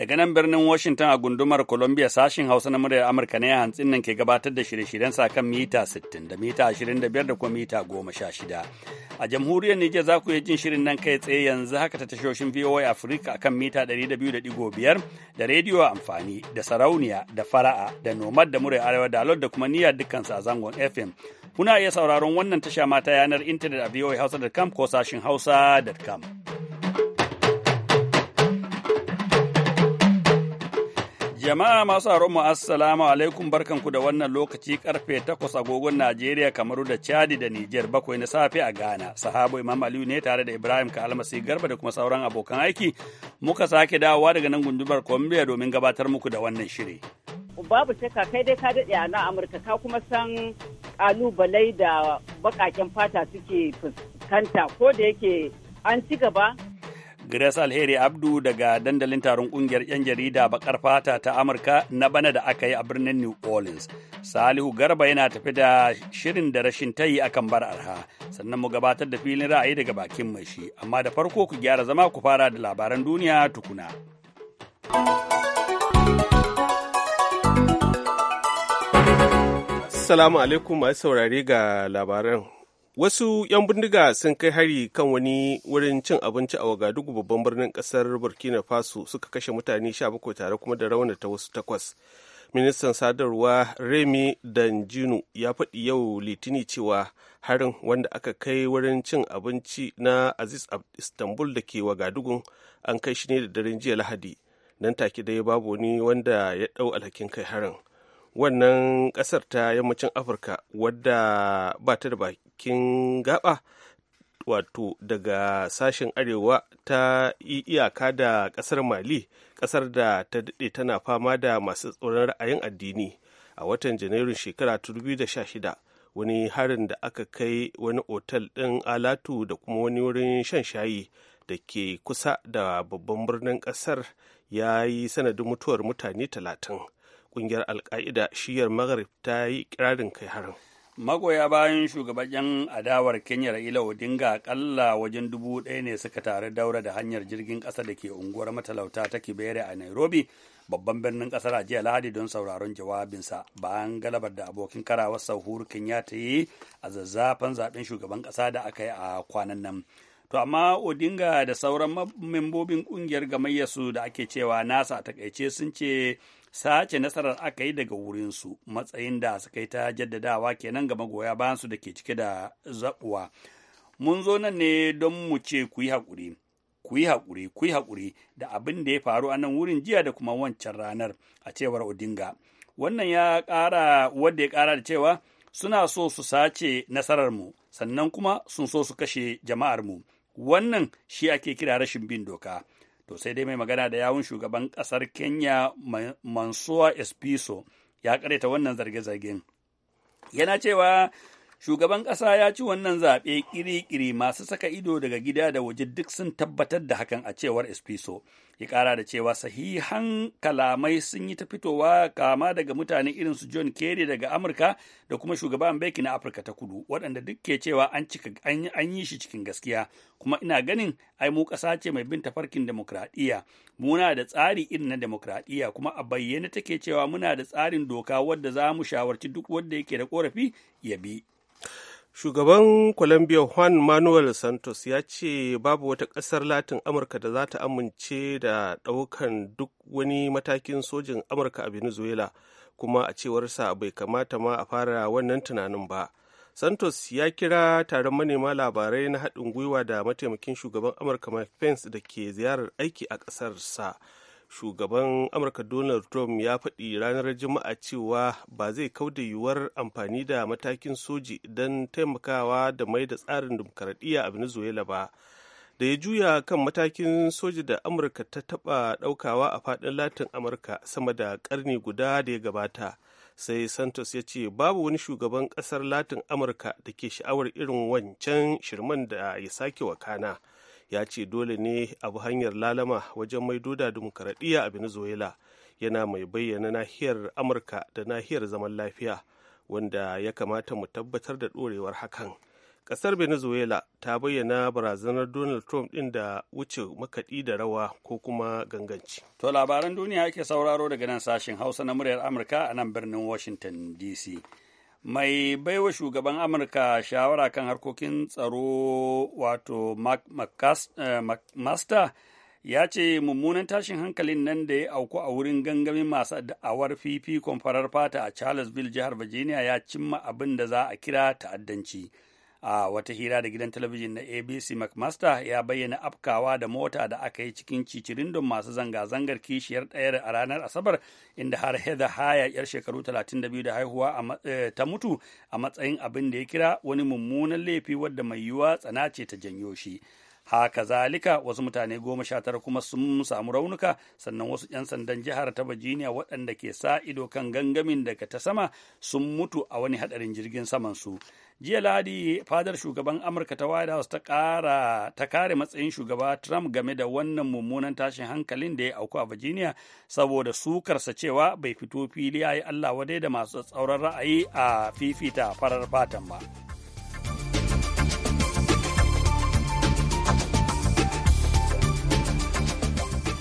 Daga nan birnin Washington a gundumar Columbia sashin Hausa na muryar Amurka ne hantsin nan ke gabatar da shirye-shiryen sa kan mita 60 da mita 25 da kuma mita 16. A jamhuriyar Nijar za ku iya jin shirin nan kai tsaye yanzu haka ta tashoshin VOA Africa akan mita 200.5 da rediyo amfani da sarauniya da fara'a da nomad da muryar arewa da alod da kuma niyyar dukkansu a zangon FM. Kuna iya sauraron wannan tasha mata yanar intanet a voahausa.com ko sashin hausa.com. Jama'a masu haron mu assalamu alaikum barkanku da wannan lokaci karfe 8 agogon Najeriya kamaru da Chadi da Nijar bakwai na safe a Ghana. Sahabo Imam Aliyu ne tare da Ibrahim ka almasi garba da kuma sauran abokan aiki muka sake dawowa daga nan gundumar Columbia domin gabatar muku da wannan shiri. Babu shakka kai dai ka daɗe a nan Amurka ka kuma san ƙalubalai da baƙaƙen fata suke fuskanta ko da yake an ci gaba Grace Alheri Abdu daga dandalin taron kungiyar 'yan jarida bakar fata ta Amurka na bana da aka yi a birnin New Orleans. Salihu Garba yana tafi da shirin da rashin tayi akan bar arha, sannan mu gabatar da filin ra'ayi daga bakin mai shi, amma da farko ku gyara zama ku fara da labaran duniya tukuna. Assalamu alaikum masu saurari ga labaran. wasu 'yan bindiga sun kai hari kan wani wurin cin abinci a wagadugu babban birnin kasar burkina faso suka kashe mutane 17 tare kuma da ta wasu takwas ministan sadarwa remi danjinu ya faɗi yau litini cewa harin wanda aka kai wurin cin abinci na aziz istanbul da ke wagadugun an kai shi ne da daren jiya lahadi nan take dai babu wani wanda ya ɗau alhakin kai harin wannan kasar ta yammacin afirka wadda ba ta da bakin gaba wato daga sashen arewa ta iyaka da kasar mali kasar da ta daɗe tana fama da masu tsoron ra'ayin addini a watan janairun shekara 2016 wani harin da aka kai wani otal ɗin alatu da kuma wani wurin shan shayi da ke kusa da babban birnin ƙasar ya yi sanadin mutuwar mutane talatin kungiyar alka'ida shiyar maghrib ta yi kirarin kai harin magoya bayan shugaban adawar kenya raila odinga akalla wajen dubu ɗaya ne suka tare daura da hanyar jirgin ƙasa da ke unguwar matalauta ta kibere a nairobi babban birnin ƙasar a jiya lahadi don sauraron jawabinsa bayan galabar da abokin karawar sauhuru kenya ta yi a zazzafan zaben shugaban ƙasa da aka yi a kwanan nan to amma odinga da sauran membobin kungiyar gamayyarsu da ake cewa nasa a takaice sun ce sace nasarar aka yi daga wurinsu matsayin da suka yi ta jaddadawa kenan ga magoya bayan su da ke cike da zabuwa mun zo nan ne don mu ce ku yi haƙuri ku yi haƙuri ku yi haƙuri da abin da ya faru a nan wurin jiya da kuma wancan ranar a cewar odinga wannan ya ƙara wadda ya ƙara da cewa suna so su sace nasarar mu sannan kuma sun so su kashe jama'ar mu. wannan shi ake kira rashin bin doka to sai dai mai magana da yawun shugaban kasar kenya Mansour espiso ya kareta wannan zarge-zargen yana cewa shugaban ƙasa ya ci wannan zaɓe ƙiri-ƙiri masu saka ido daga gida da waje duk sun tabbatar da hakan a cewar espiso ya ƙara da cewa sahihan kalamai sun yi ta fitowa kama daga mutane irin su john kerry daga amurka da kuma shugaban beki na afirka ta kudu waɗanda duk ke cewa an, an yi shi cikin gaskiya kuma ina ganin ai mu ƙasa ce mai bin tafarkin demokradiyya muna da tsari irin na demokradiyya kuma a bayyane take cewa muna da tsarin doka wadda za mu shawarci duk wanda yake da korafi ya bi Shugaban Colombia Juan Manuel Santos ya ce babu wata ƙasar Latin Amurka da za ta amince da ɗaukan duk wani matakin sojin Amurka a Venezuela, kuma a cewarsa bai kamata ma a fara wannan tunanin ba. Santos ya kira taron manema labarai na haɗin gwiwa da mataimakin shugaban Amurka Mike Pence da ke ziyarar aiki a ƙasarsa. sa. shugaban amurka donald trump ya faɗi ranar juma'a cewa ba zai kauda yiwuwar amfani da matakin soji don taimakawa da mai da tsarin dimokuraɗiyya a venezuela ba da ya juya kan matakin soji da amurka ta taɓa ɗaukawa a faɗin latin amurka sama da ƙarni guda da ya gabata sai santos ya ce babu wani shugaban ƙasar latin amurka da ke sha'awar irin wancan shirman da ya sake wakana. kana ya ce dole ne abu hanyar lalama wajen maido da dimokuraɗiyya a venezuela yana mai bayyana nahiyar amurka da nahiyar zaman lafiya wanda ya kamata mu tabbatar da ɗorewar hakan ƙasar venezuela ta bayyana barazanar donald trump ɗin da wuce makaɗi da rawa ko kuma ganganci to labaran duniya ake sauraro daga nan sashen hausa na muryar amurka a nan birnin washington dc mai baiwa shugaban amurka shawara kan harkokin tsaro wato mcmaster eh, ya ce mummunan tashin hankalin nan da ya auku a wurin gangamin masu da'awar fifikon farar fata a charlesville jihar virginia ya cimma abin da za a kira ta'addanci a wata hira da gidan talabijin na abc mcmaster ya bayyana afkawa da mota da aka yi cikin cicirindon masu zanga-zangar kishiyar ɗayar a ranar asabar inda har heather haya yar shekaru 32 da haihuwa eh, ta mutu a matsayin abin da ya kira wani mummunan laifi wadda mai yiwuwa tsana ce ta janyo shi haka zalika wasu mutane goma sha tara kuma sun samu raunuka sannan wasu 'yan sandan jihar ta virginia waɗanda ke sa ido kan gangamin daga ta sama sun mutu a wani haɗarin jirgin saman su jiya lahadi fadar shugaban amurka ta white house ta kara ta kare matsayin shugaba trump game da wannan mummunan tashin hankalin da ya auku a virginia saboda sukarsa cewa bai fito fili ya yi allah wadai da masu tsauran ra'ayi a fifita farar fatan ba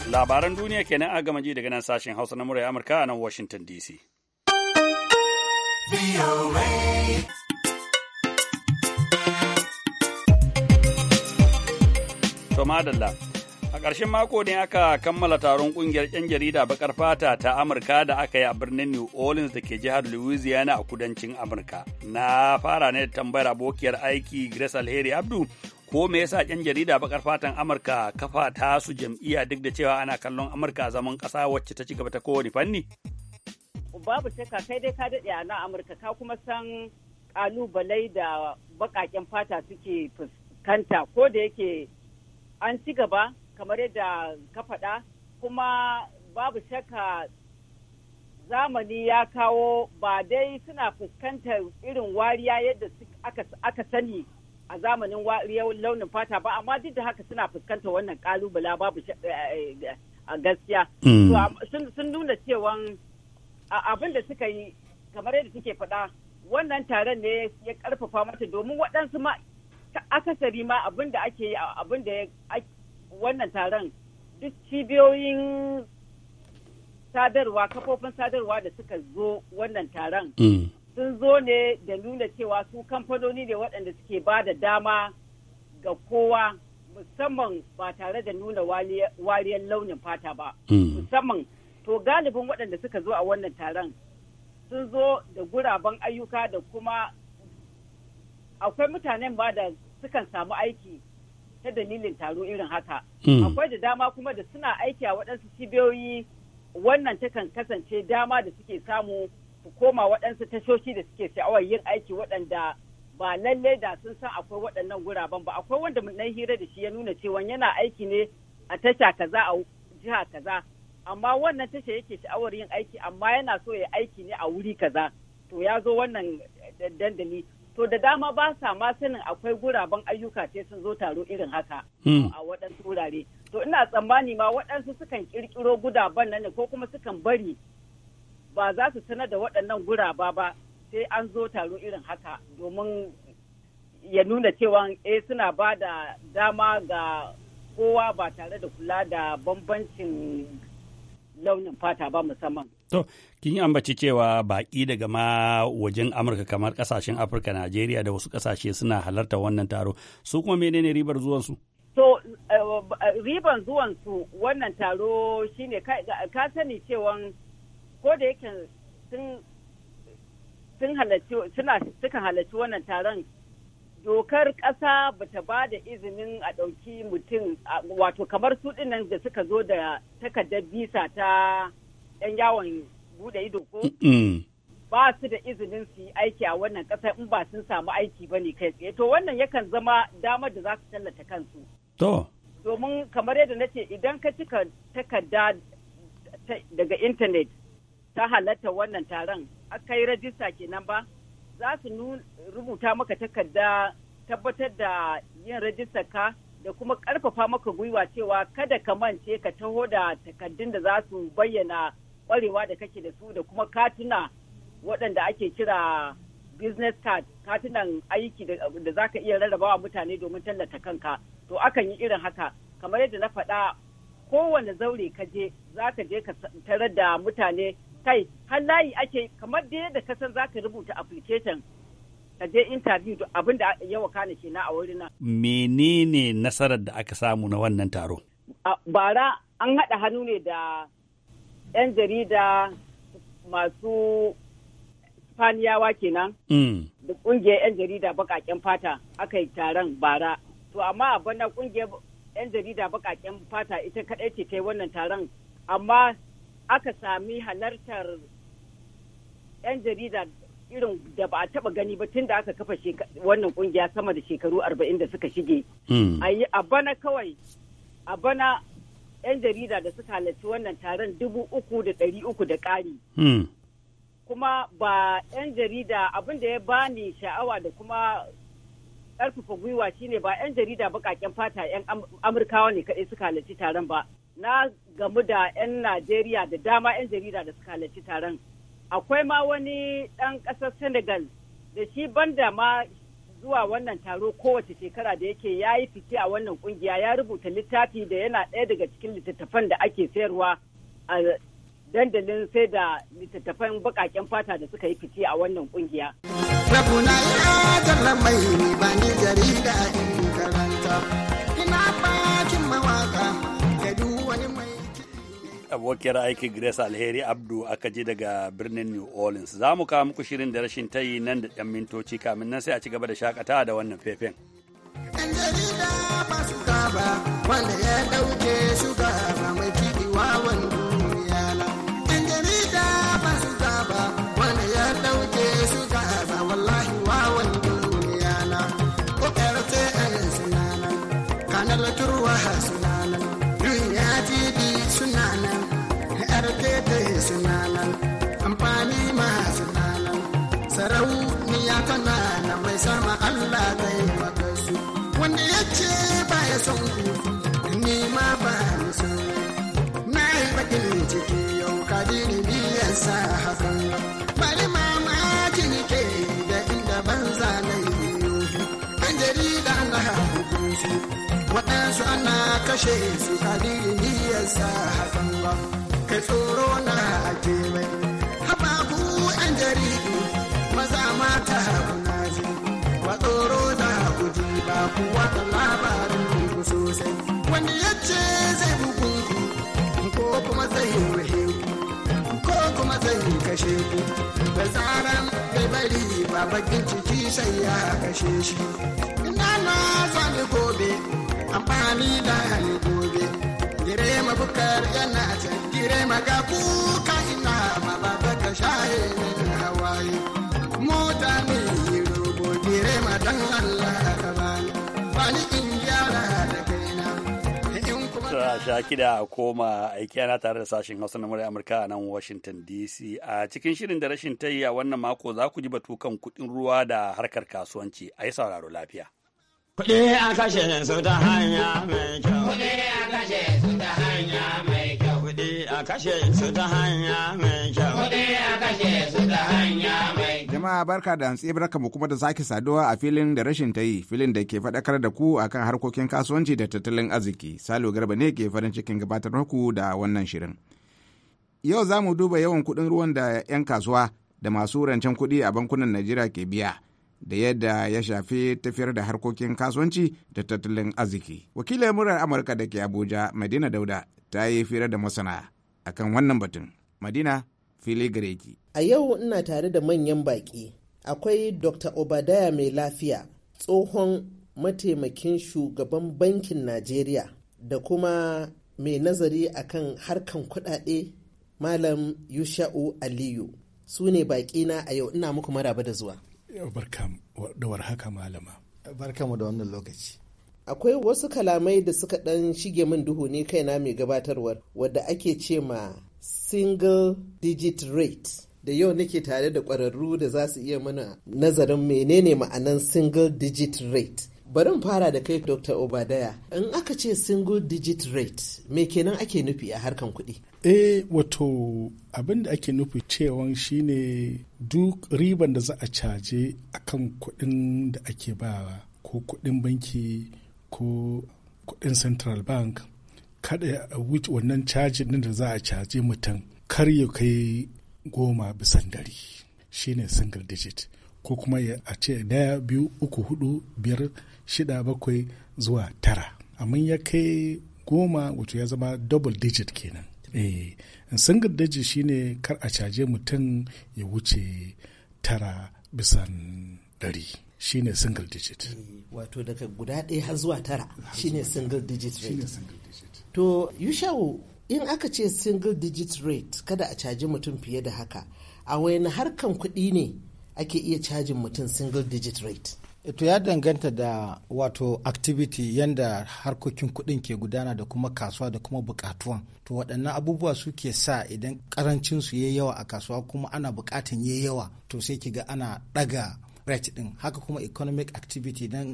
Labaran duniya kenan a gama ji daga nan sashen Hausa na murai Amurka a nan Washington DC. To madalla. A ƙarshen mako ne aka kammala taron ƙungiyar 'yan jarida baƙar fata ta Amurka da aka yi a birnin New Orleans da ke jihar Louisiana a kudancin Amurka. Na fara ne da tambayar abokiyar aiki Grace Alheri Abdu ko me yasa yan jarida bakar fatan amurka kafa ta su jam'iyya duk da cewa ana kallon amurka a zaman kasa wacce ta ci gaba ta kowane fanni babu shakka kai dai ka daɗe a nan amurka ka kuma san kalubalai da bakaken fata suke fuskanta ko da yake an ci gaba kamar yadda ka faɗa kuma babu shakka zamani ya kawo ba dai suna fuskantar irin wariya yadda aka sani a zamanin launin fata ba amma duk da haka suna fuskantar wannan kalubala babu eh, eh, a gaskiya mm. sun nuna cewa abin da suka yi kamar yadda suke faɗa wannan taron ne ya karfafa mata domin waɗansu ma akasari ma abin da ake yi abin da wannan taron duk cibiyoyin sadarwa kafofin sadarwa da suka zo wannan taron mm. sun zo ne da nuna cewa su kamfanoni ne waɗanda suke ba da dama ga kowa musamman ba tare da nuna wariyar launin fata ba hmm. musamman to galibin waɗanda suka zo a wannan taron sun zo da guraben ayyuka da kuma akwai mutanen ba da sukan samu aiki ta dalilin taro irin haka hmm. akwai da dama kuma da suna aiki a waɗansu cibiyoyi wannan takan kasance dama da suke samu su koma waɗansu tashoshi da suke sha'awar yin aiki waɗanda ba lallai da sun san akwai waɗannan guraben ba akwai wanda na hira da shi ya nuna cewa yana aiki ne a tasha kaza a jiha kaza amma wannan tasha yake sha'awar yin aiki amma yana so ya aiki ne a wuri kaza to ya zo wannan dandali to da dama ba sa ma sanin akwai guraben ayyuka sai sun zo taro irin haka hmm. a waɗansu wurare to ina tsammani ma waɗansu sukan ƙirƙiro gudaban nan ko kuma sukan bari ba za su sanar da waɗannan guraba ba sai an zo taro irin haka domin ya nuna cewa eh suna ba da dama ga kowa ba tare da kula da bambancin launin fata ba musamman. To, kin yi ambaci cewa baƙi daga ma wajen Amurka kamar ƙasashen Afirka, Najeriya da wasu ƙasashe suna halarta wannan taro. Su kuma menene ribar zuwansu? To, eh, riban zuwansu wannan taro shine ka sani cewa ko da yake sun sun halarci suna suka halarci wannan taron dokar ƙasa bata ba da izinin a ɗauki mutum wato kamar su ɗinnan da suka zo da takardar bisa ta ɗan yawon bude ido ko ba su da izinin su yi aiki a wannan ƙasa in ba sun samu aiki ba ne kai tsaye to wannan yakan zama damar da za su tallata kansu to domin kamar yadda nace idan ka cika takarda daga intanet ka halatta wannan taron aka yi rajista kenan ba za su rubuta maka takarda tabbatar da yin rajistar ka da kuma karfafa maka gwiwa cewa kada ka mance ka taho da takardun da za su bayyana kwarewa da kake da su da kuma katuna waɗanda ake kira business card katunan aiki da za ka iya rarrabawa mutane domin tallata kanka to akan yi irin haka kamar yadda na faɗa kowane zaure ka je za ka je ka tarar da mutane kai har layi ake kamar da yadda ka san zaka rubuta application ka je interview abin da yawa kana ke na a wurin nan menene nasarar da aka samu na wannan taro bara an haɗa hannu ne da 'yan jarida masu faniyawa kenan mm. da kungiyar 'yan jarida bakaken fata aka yi taron bara to amma a bana kungiyar 'yan jarida bakaken fata ita kadai ce ta yi wannan taron amma aka sami halartar 'yan jarida irin da ba a taba gani ba tun da aka kafa wannan kungiya sama da shekaru arba'in da suka shige. Hmm. A bana kawai, a bana 'yan jarida da suka halarci wannan taron dubu uku da ɗari uku da ƙari. Hmm. Kuma ba 'yan jarida abin ya bani sha'awa da kuma ƙarfafa gwiwa shine ba 'yan jarida baƙaƙen fata 'yan Amurkawa ne kaɗai suka halarci taron ba. na gamu da 'yan Najeriya da dama 'yan jarida da suka halarci taron. Akwai ma wani ɗan ƙasar Senegal da shi banda ma zuwa wannan taro kowace shekara da yake ya yi fice a wannan kungiya ya rubuta littafi da yana ɗaya daga cikin littattafan da ake sayarwa a dandalin sai da littattafan baƙaƙen fata da suka yi fice a wannan kungiya. Rabuna ya mai ba ni jarida in karanta. abokiyar aiki Grace Alheri Abdu aka ji daga birnin New Orleans. Za mu kawo muku shirin da rashin tayi nan da ɗan mintoci kamin nan sai a ci gaba da shakatawa da wannan fefen. Yan jarida masu wanda ya ɗauke shugaba. sarauniya tana na mai sama Allah zai maka su wanda ya ce ba ya son ku ni ma ba ni so na yi bakin ciki yau ka ji ni biyar sa hakan bari mamaki ni ke da inda ban zalai an jarida na hakan su waɗansu ana kashe su ka ji ni biyar sa hakan ba kai tsoro na ake mai haɓaɓu an jarida maza mata kuna ji ba tsoro da ku ji ba ku wata labarin ku sosai wani ya ce zai bugu ko kuma zai wuhe ko kuma zai kashe ku da tsaran bai bari ba bakin ciki sai ya kashe shi ina na zami gobe amfani da hali gobe gire mabukar yana can gire maga kuka ina ma ba ka shaye ne a a koma aiki ana tare da sashen hausa na murya amurka a nan washington dc a cikin shirin da rashin ta a wannan mako za ku ji batu kan kuɗin ruwa da harkar kasuwanci a yi sauraro lafiya kuɗi a kashe su ta hanya mai kyau kuɗi a kashe su ta hanya mai kashe su ta hanya mai kyau. Kuɗi a kashe su ta hanya mai kyau. Jama'a barka da hantsi barka mu kuma da sake saduwa a filin da rashin ta yi filin da ke faɗakar da ku akan harkokin kasuwanci da tattalin arziki. Salo Garba ne ke farin cikin gabatar muku da wannan shirin. Yau za mu duba yawan kuɗin ruwan da 'yan kasuwa da masu rancen kuɗi a bankunan Najeriya ke biya. da yadda ya shafi tafiyar da harkokin kasuwanci da tattalin arziki. Wakilin murar Amurka da ke Abuja, Madina Dauda, ta yi fira da masana akan wannan batun madina fili gareki a yau ina tare da manyan baƙi akwai dr obadaya mai lafiya tsohon mataimakin shugaban bankin najeriya da kuma mai nazari a kan harkan kudade malam yusha'u aliyu su ne na a yau ina muku maraba da zuwa barka da warhaka malama barka mu da wannan lokaci akwai wasu kalamai da suka ɗan shige min duhu ne kaina mai gabatarwar wadda ake ce ma single digit rate da yau nake tare da ƙwararru da za su iya mana nazarin menene ma'anan single digit rate barin fara da kai dr obadaya in aka ce single digit rate me kenan ake nufi a harkan kuɗi eh wato abin da ake nufi cewa shine duk riban da za a caje akan kuɗin da ake bawa ko kuɗin banki ko kudin central bank kada wannan caji din da za a caje mutum kar ya kai goma bisan dari shine single digit ko kuma a ce daya biyu uku hudu biyar shida bakwai zuwa tara amma ya kai goma wato ya zama double digit kenan eh single digit shine kar a caje mutum ya wuce tara bisan dari shine single digit eh, wato daga guda ɗaya har zuwa tara shine single digit rate to yushau in aka ce single digit rate kada a caji mutum fiye da haka a wani harkan kuɗi ne ake iya cajin mutum single digit rate eh, to ya danganta da wato activity yanda harkokin kuɗin ke gudana da kuma kasuwa da kuma buƙatuwan to waɗannan abubuwa suke sa idan ƙarancinsu su yayi yawa a kasuwa kuma ana buƙatan yayi yawa to sai ki ga ana ɗaga rate din haka kuma economic activity dan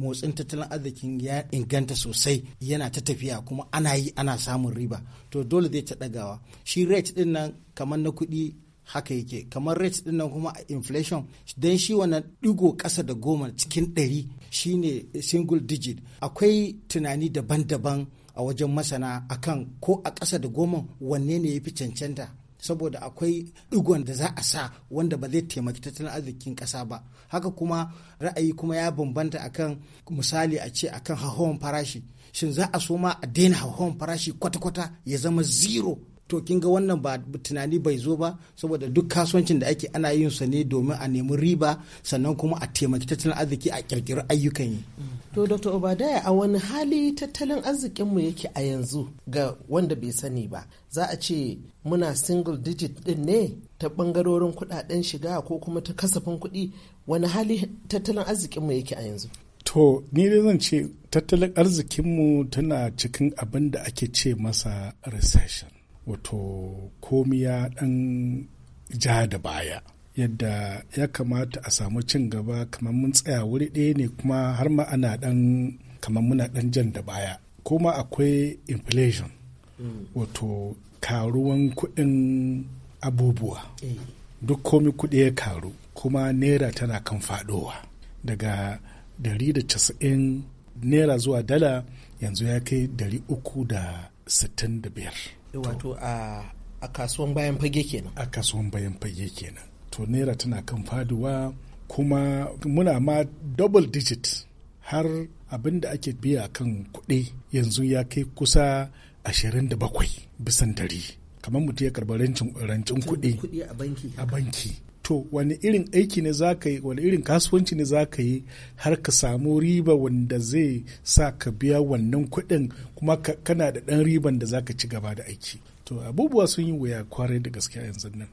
motsin tattalin arzikin ya inganta sosai yana ta tafiya kuma ana yi ana samun riba to dole zai ta dagawa shi rate din nan kamar na kuɗi haka yake kamar rate din nan kuma inflation dan shi wannan digo ƙasa da goma cikin ɗari shine single digit akwai tunani daban-daban a wajen masana akan ko a ƙasa da goma wanne ne ya fi cancanta saboda akwai digon da za a sa wanda ba zai taimaki tattalin arzikin kasa ba haka kuma ra'ayi kuma ya bambanta akan misali a ce akan hauhawan farashi shin za a so ma a daina hauhawan farashi kwata-kwata ya zama zero to kin ga wannan ba tunani bai zo ba saboda duk kasuwancin da ake ana yin sa ne domin a nemi riba sannan kuma a taimaki tattalin arziki a kirkiri ayyukan yi to dr obadaya a wani hali tattalin arzikin mu yake a yanzu ga wanda bai sani ba za a ce muna single digit din ne ta bangarorin kudaden shiga ko kuma ta kasafin kuɗi wani hali tattalin arzikin mu yake a yanzu To, ni dai zan ce tattalin arzikin mu tana cikin abin da ake ce masa recession. wato komi ya dan ja da baya yadda ya kamata a samu cin gaba kamar mun tsaya wuri ɗaya ne kuma har ma ana ɗan kamar muna dan jan da baya kuma akwai inflation mm. wato karuwan kuɗin abubuwa eh. duk komi kuɗi ya karu kuma naira tana kan faɗowa daga 190 naira zuwa dala yanzu ya kai 365 wato a kasuwan bayan fage kenan a kasuwan bayan fage kenan to naira tana kan faduwa kuma muna ma double digit har abin da ake biya kan kuɗi yanzu ya kai kusa 27 bisan dari kamar mutu ya karɓi rancin kuɗi a banki to wani irin aiki ne za ka yi wani irin kasuwanci ne za ka yi har ka samu riba wanda zai sa ka biya wannan kuɗin kuma kana da ɗan riban da za ka ci gaba da aiki to abubuwa sun yi wuya kwarai da gaskiya yanzu nan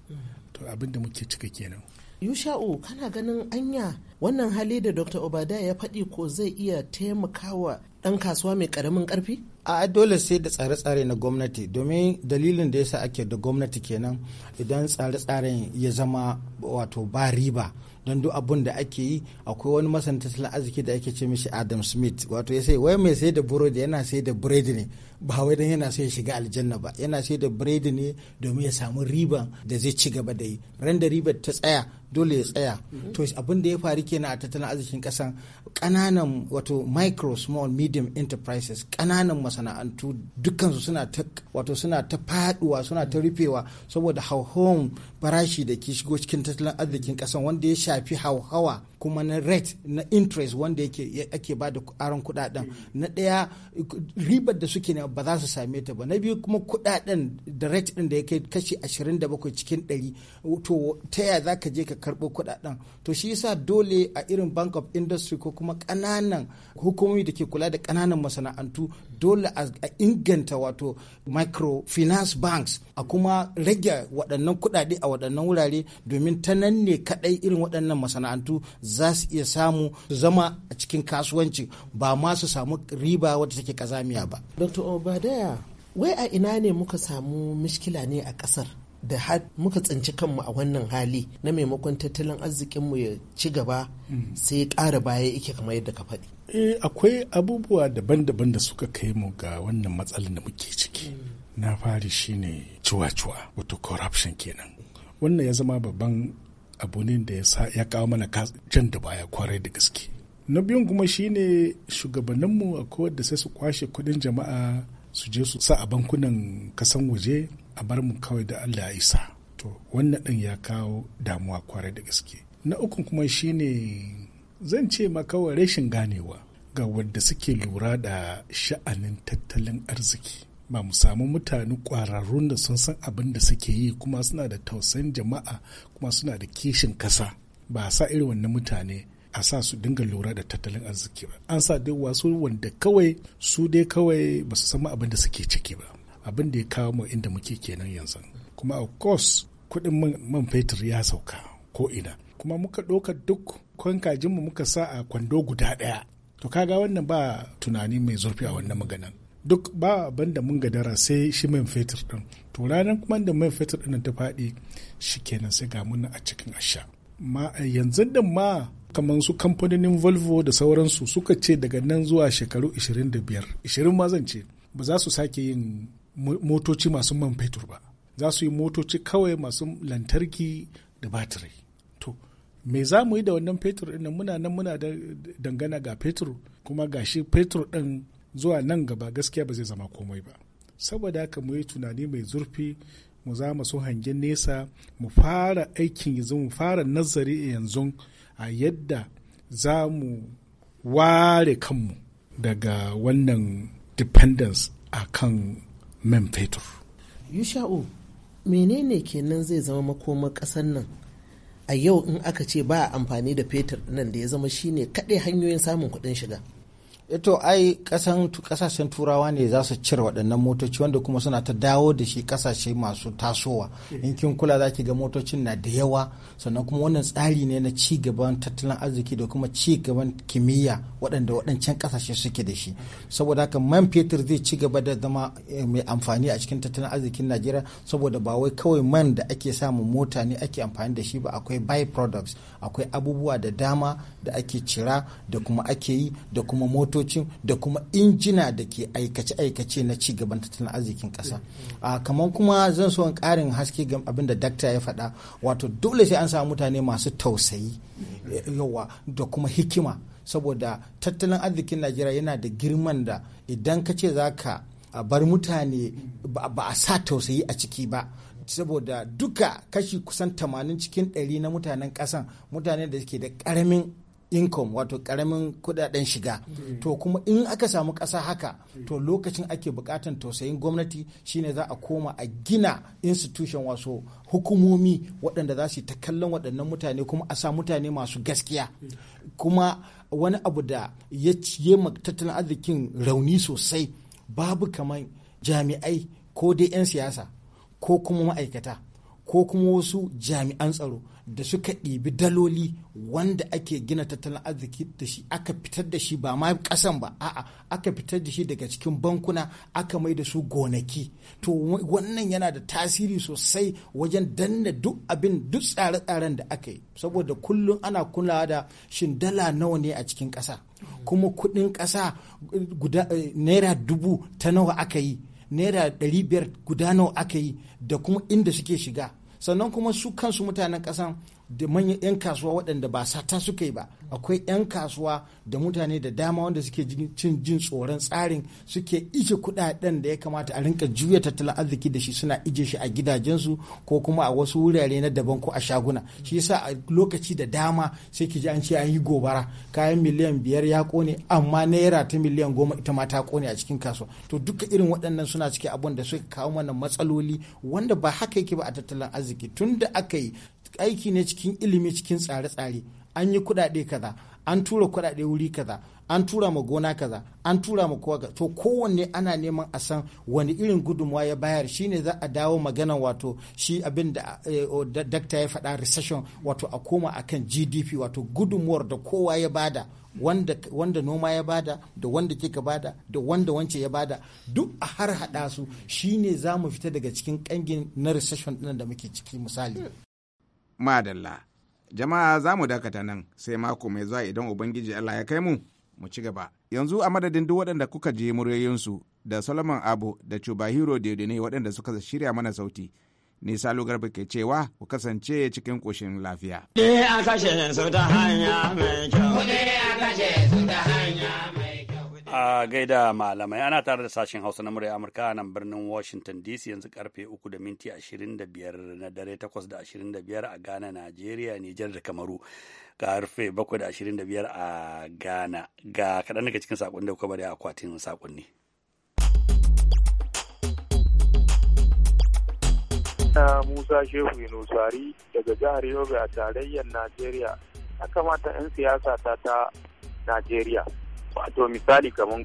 to abin da muke cika kenan yusha'u kana ganin anya wannan hali da dr obada ya faɗi ko zai iya taimakawa ɗan kasuwa mai ƙaramin ƙarfi? a dole sai da tsare-tsare na gwamnati domin dalilin da yasa ake da gwamnati kenan idan tsare-tsaren ya zama wato ba riba don duk abun da ake yi akwai wani masan tattalin arziki da ake ce mishi adam smith wato ya sai wai mai sai da burodi yana sai da biredi ne ba wai dan yana sai shiga aljanna ba yana sai da biredi ne domin ya samu riba da zai ci gaba da yi ran da ribar ta tsaya dole ya tsaya to abin da ya faru kenan a tattalin arzikin kasan kananan wato micro small medium enterprises kananan masana'antu dukkansu suna ta wato suna ta faduwa suna ta rufewa saboda hauhawan farashi da ke shigo cikin tattalin arzikin kasan wanda ya shafi hauhawa kuma na rate na interest wanda yake ake bada aron kudaden na daya ribar da suke ne ba za su same ta ba na biyu kuma kudaden da rate din da ya kai kashi 27 cikin 100 to ta yaya zaka je ka karɓo kuɗaɗen to shi yasa dole a irin bank of industry ko kuma ƙananan hukumomi da ke kula da ƙananan masana'antu dole a inganta wato microfinance banks a kuma rage waɗannan kuɗaɗe a waɗannan wurare domin ta nan ne kaɗai irin waɗannan masana'antu za su iya samu su zama a cikin kasuwanci ba ma su samu riba wadda take kazamiya ba. Dr. Obadaya, wai a ina ne muka samu mishkila ne a ƙasar? da har muka tsinci kanmu a wannan hali na maimakon tattalin arzikinmu ya ci gaba mm. sai ya ƙara baya yake kamar yadda ka faɗi. Eh akwai abubuwa daban-daban da suka kai mu ga wannan matsalar da muke ciki. Mm. Na fari shine ciwa ciwa wato corruption kenan. Wannan ya zama babban abu ne da ya kawo mana jan da baya kwarai da gaske. Na biyun kuma shine shugabanninmu akwai wadda sai su kwashe kudin jama'a su je su sa a bankunan kasan waje a bar mu kawai da Allah ya isa to wannan ɗin ya kawo damuwa kwarai da gaske na uku kuma shine zan ce ma kawai rashin ganewa ga wadda suke lura da sha'anin tattalin arziki ba mu samu mutane ƙwararrun da sun san abin da suke yi kuma suna da tausayin jama'a kuma suna da kishin kasa ba a sa irin wannan mutane a sa su dinga lura da tattalin arziki ba an sa dai wasu wanda kawai su dai kawai ba su san abin da suke ciki ba abin da ya kawo mu inda muke kenan yanzu kuma of course kuɗin man fetur ya sauka ko ina kuma muka ɗauka duk kwan mu muka sa a kwando guda ɗaya to kaga wannan ba tunani mai zurfi a wannan maganan duk ba abin da mun gadara sai shi man fetur ɗin to ranar kuma da man fetur ɗin ta faɗi shi kenan sai ga muna a cikin asha ma eh, yanzu da ma kamar su kamfanonin volvo da sauransu suka ce daga nan zuwa shekaru 25 20 ma zan ce ba za su sake yin motoci masu man fetur ba za su yi motoci kawai masu lantarki da batiri to me za mu yi da wannan fetur ɗin muna nan muna da dangana ga fetur kuma ga shi fetur ɗin zuwa nan gaba gaskiya ba zai zama komai ba saboda haka mu yi tunani mai zurfi mu za mu so hangen nesa mu fara aikin yanzu mu fara nazari yanzu a yadda za mu ware kanmu daga wannan dependence a kan man fetur yusha'u menene kenan zai zama makomar ƙasar nan a yau in aka ce ba amfani da fetur nan da ya zama shine kaɗai hanyoyin samun kuɗin shiga ito eh, ai kasashen turawa ne za su cire waɗannan motoci wanda kuma suna ta dawo da shi kasashe masu tasowa eh. in kin kula za ki ga motocin na da yawa sannan kuma wannan tsari ne na ci gaban tattalin arziki da kuma ci gaban kimiyya waɗanda waɗancan kasashe suke da shi saboda haka man fetur zai ci gaba da zama eh, mai amfani a cikin tattalin arzikin najeriya saboda ba wai kawai man da ake samun mota ne ake amfani da shi ba akwai by products akwai abubuwa da dama da ake cira da kuma ake yi da kuma motoci motocin da kuma injina da ke aikace-aikace na ci gaban tattalin arzikin ƙasa kamar kuma zan so in ƙarin haske ga abin da dakta ya faɗa wato dole sai an samu mutane masu tausayi yawa da kuma hikima saboda tattalin arzikin najeriya yana da girman da idan ka ce za ka bar mutane ba a sa tausayi a ciki ba saboda duka kashi kusan 80 cikin 100 na mutanen kasan mutane da suke da karamin income wato karamin kudaden shiga mm. to kuma in aka samu ƙasa haka to lokacin ake bukatan tausayin gwamnati shine za a koma a gina institution wasu hukumomi waɗanda za su ta kallon waɗannan mutane kuma a sa mutane masu gaskiya mm. kuma wani abu da ya ciye tattalin arzikin rauni sosai babu kamar jami'ai ko dai 'yan siyasa ko kuma ma'aikata ko kuma wasu jami'an tsaro da suka ɗibi daloli wanda ake gina tattalin arziki da shi aka fitar da shi ba ma ƙasan ba a'a aka fitar da shi daga cikin bankuna aka mai da su gonaki to wannan yana da tasiri sosai wajen danna duk abin duk tsare-tsaren da aka yi saboda kullum ana kulawa da shin dala nawa ne a cikin ƙasa kuma kuɗin ƙasa eh, naira dubu ta nawa aka yi naira ɗari biyar guda nawa aka yi da kuma inda suke shiga sannan kuma su kansu mutanen kasan da manyan 'yan kasuwa waɗanda ba sata suka yi ba akwai 'yan kasuwa da mutane da dama wanda suke cin jin tsoron tsarin suke ije kuɗaɗen da ya kamata a rinka juya tattalin arziki da shi suna ije shi a gidajensu ko kuma a wasu wurare na daban ko a shaguna shi yasa a lokaci da dama sai ki ji an ce an yi gobara kayan miliyan biyar ya kone amma naira ta miliyan goma ita ma ta kone a cikin kasuwa to duka irin waɗannan suna cikin abun da suka kawo mana matsaloli wanda ba haka yake ba a tattalin arziki tun da aka yi aiki ne cikin ilimi cikin tsare-tsare an yi kuɗaɗe kaza an tura kuɗaɗe wuri kaza an tura ma gona kaza an tura ma kowa to kowanne ana neman a san wani irin gudunmawa ya bayar shine za a dawo magana wato shi abin eh, da dakta ya faɗa recession wato a koma akan gdp wato gudunmuwar da kowa ya bada wanda, noma ya bada da wanda kika bada da wanda wance ya bada duk a har haɗa su shine za mu fita daga cikin kangin na recession ɗin da muke ciki misali madalla jama'a za mu dakata nan sai mako mai zuwa idan ubangiji allah ya kai mu mu ci gaba yanzu a madadin duk waɗanda kuka je muryoyinsu da solomon abu da cuba Hero ne waɗanda suka shirya mana sauti ni salo garba ke cewa ku kasance cikin ƙoshin lafiya. Ne a kashe su ta hanya mai kyau. Ne a kashe su ta hanya mai a gaida malamai ana tare da sashen hausa na murya amurka nan birnin washington dc yanzu karfe 3 da minti 25 na dare 8 da 25 a ghana nigeria nijar da kamaru karfe 7 da 25 a ghana ga kaɗan daga cikin sakon da kuka bari a akwatin sakonni na Musa Shehu nusari daga jihar Yobe a tarayyar Najeriya. Ya kamata 'yan siyasa ta ta Najeriya wato misali kamar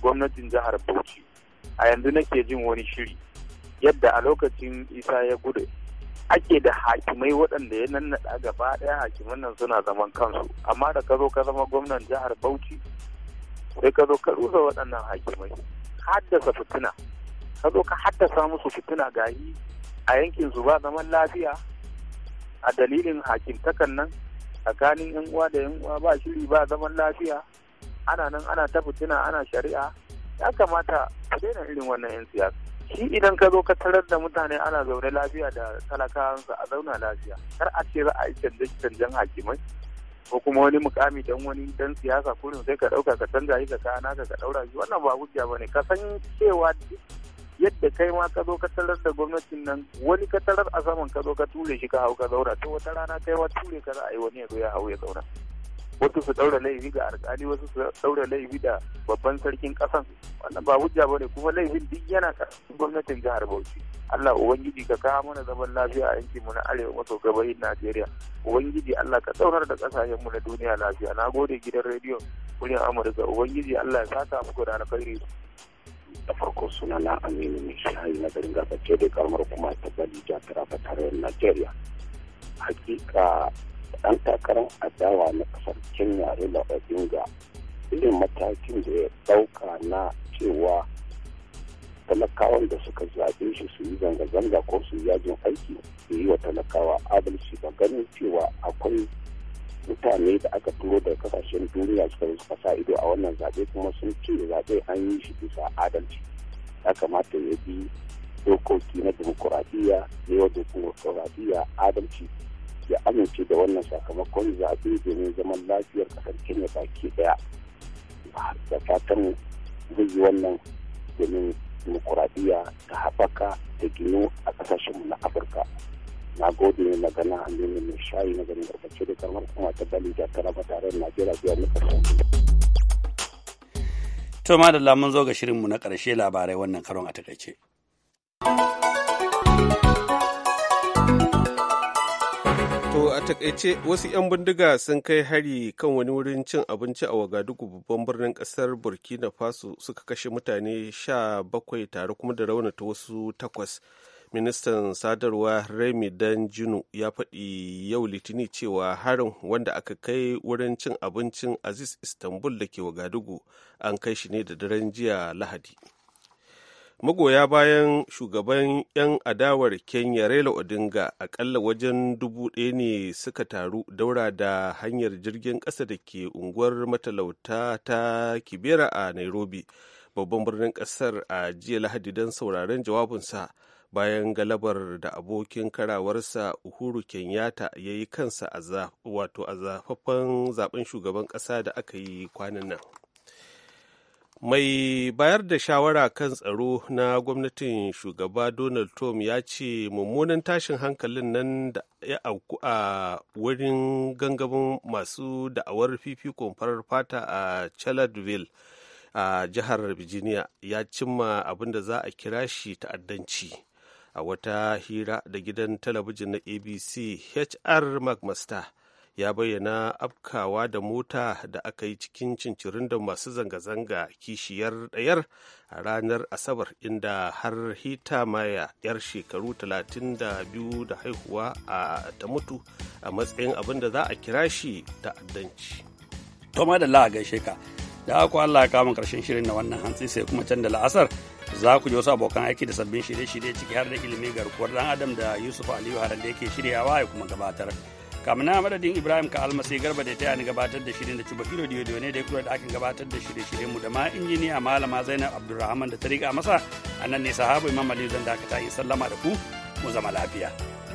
gwamnatin jihar bauchi a yanzu nake jin wani shiri yadda a lokacin isa ya gudu ake da hakimai waɗanda ya nannaɗa gaba ɗaya hakiman nan suna zaman kansu amma da ka zo ka zama gwamnan jihar bauchi sai ka zo ka rusa waɗannan hakimai haddasa fitina ka zo ka haddasa musu fitina gayi a yankin su ba zaman lafiya a dalilin hakimtakan nan tsakanin yan uwa da yan uwa ba shiri ba zaman lafiya ana nan ana ta ana shari'a ya kamata ku daina irin wannan 'yan siyasa shi idan ka zo ka tarar da mutane ana zaune lafiya da talakawansa a zauna lafiya kar a ce za a yi canje-canjen hakimai ko kuma wani mukami dan wani dan siyasa kurin sai ka dauka ka canza yi ka kana ka daura shi wannan ba hujja bane ka san cewa yadda kai ma ka zo ka tarar da gwamnatin nan wani ka tarar a saman ka zo ka ture shi ka hau ka zauna to wata rana kai ma ture ka za a yi wani ya zo ya hau ya zauna wasu su daura laifi ga alkali wasu su daura laifi da babban sarkin kasan wannan ba hujja bane kuma laifin duk yana karkashin gwamnatin jihar Bauchi Allah ubangiji ka kawo mana zaman lafiya a yankin mu na arewa maso gabayin Najeriya ubangiji Allah ka tsaurar da kasashen mu na duniya lafiya na gode gidan rediyo muryar Amurka ubangiji Allah ya saka muku da alkhairi da farko suna na aminu mai shahayi na garin gabace da kuma ta bali ja tarafa tarayyar najeriya hakika ɗan takarar adawa na ƙasar kenya rila odinga irin matakin da ya ɗauka na cewa talakawan da suka zaɓe shi su yi zanga-zanga ko su yajin aiki su yi wa talakawa adalci ba ganin cewa akwai mutane da aka turo da kasashen duniya suka suka sa ido a wannan zaɓe kuma sun ce zaɓe an yi shi bisa adalci ya kamata ya bi dokoki na demokuraɗiyya ne wa demokuraɗiyya adalci ya amince da wannan sakamakon zaɓe domin zaman lafiyar ƙasar kenya baki ɗaya da fatan zai wannan domin demokuraɗiyya ta haɓaka da gino a ƙasashenmu na afirka na gode ne magana hannun mai shayi na ganin ƙarfafe da karmar kuma ta dalija ta raba tare da najeriya biya na ƙasar To da mun zo ga shirinmu na ƙarshe labarai wannan karon a takaice. To a takaice wasu 'yan bindiga sun kai hari kan wani wurin cin abinci a Wagadugu babban birnin kasar Burkina Faso suka kashe mutane sha bakwai tare kuma da raunata wasu takwas. Ministan sadarwa Remi Danjinu ya faɗi yau litini cewa harin wanda aka kai wurin cin abincin Aziz Istanbul da ke Wagadugu an kai shi ne da daren jiya Lahadi. magoya bayan shugaban 'yan adawar kenya raila odinga akalla wajen dubu ɗaya ne suka taru daura da hanyar jirgin ƙasa da ke unguwar matalauta ta kibera a nairobi babban birnin ƙasar a jiya lahadi don sauraron jawabinsa bayan galabar da abokin karawarsa uhuru kenyatta ya yi kansa a zafaffen zaben shugaban ƙasa da aka yi kwanan nan mai bayar da shawara kan tsaro na gwamnatin shugaba donald trump ya ce mummunan tashin hankalin nan da ya auku a wurin gangamin masu da'awar fifikon farar fata a charlottesville a jihar virginia ya cimma abin da za a kira shi ta'addanci a wata hira da gidan talabijin na abc hr mcmaster ya bayyana afkawa da mota da aka yi cikin cincirin da masu zanga-zanga kishiyar ɗayar a ranar asabar inda har hita maya yar shekaru 32 da haihuwa a ta mutu a matsayin abin da za a kira shi addanci. Toma da la gaishe ka da aku Allah ya kama karshen shirin na wannan hantsi sai kuma can da la'asar za ku ji wasu abokan aiki da sabbin shirye-shirye ciki har da ilimin garkuwar dan adam da Yusuf Aliyu Haran da yake shiryawa ya kuma gabatar. kamuna madadin ibrahim ka almasi garba da ta ni gabatar da shirin da cuba filo diyo ne da ya da akin gabatar da shirin shirin mu da ma injiniya malama zainab abdulrahman da ta riga masa a nan ne sahabu imam aliyu zan dakata in sallama da ku mu zama lafiya.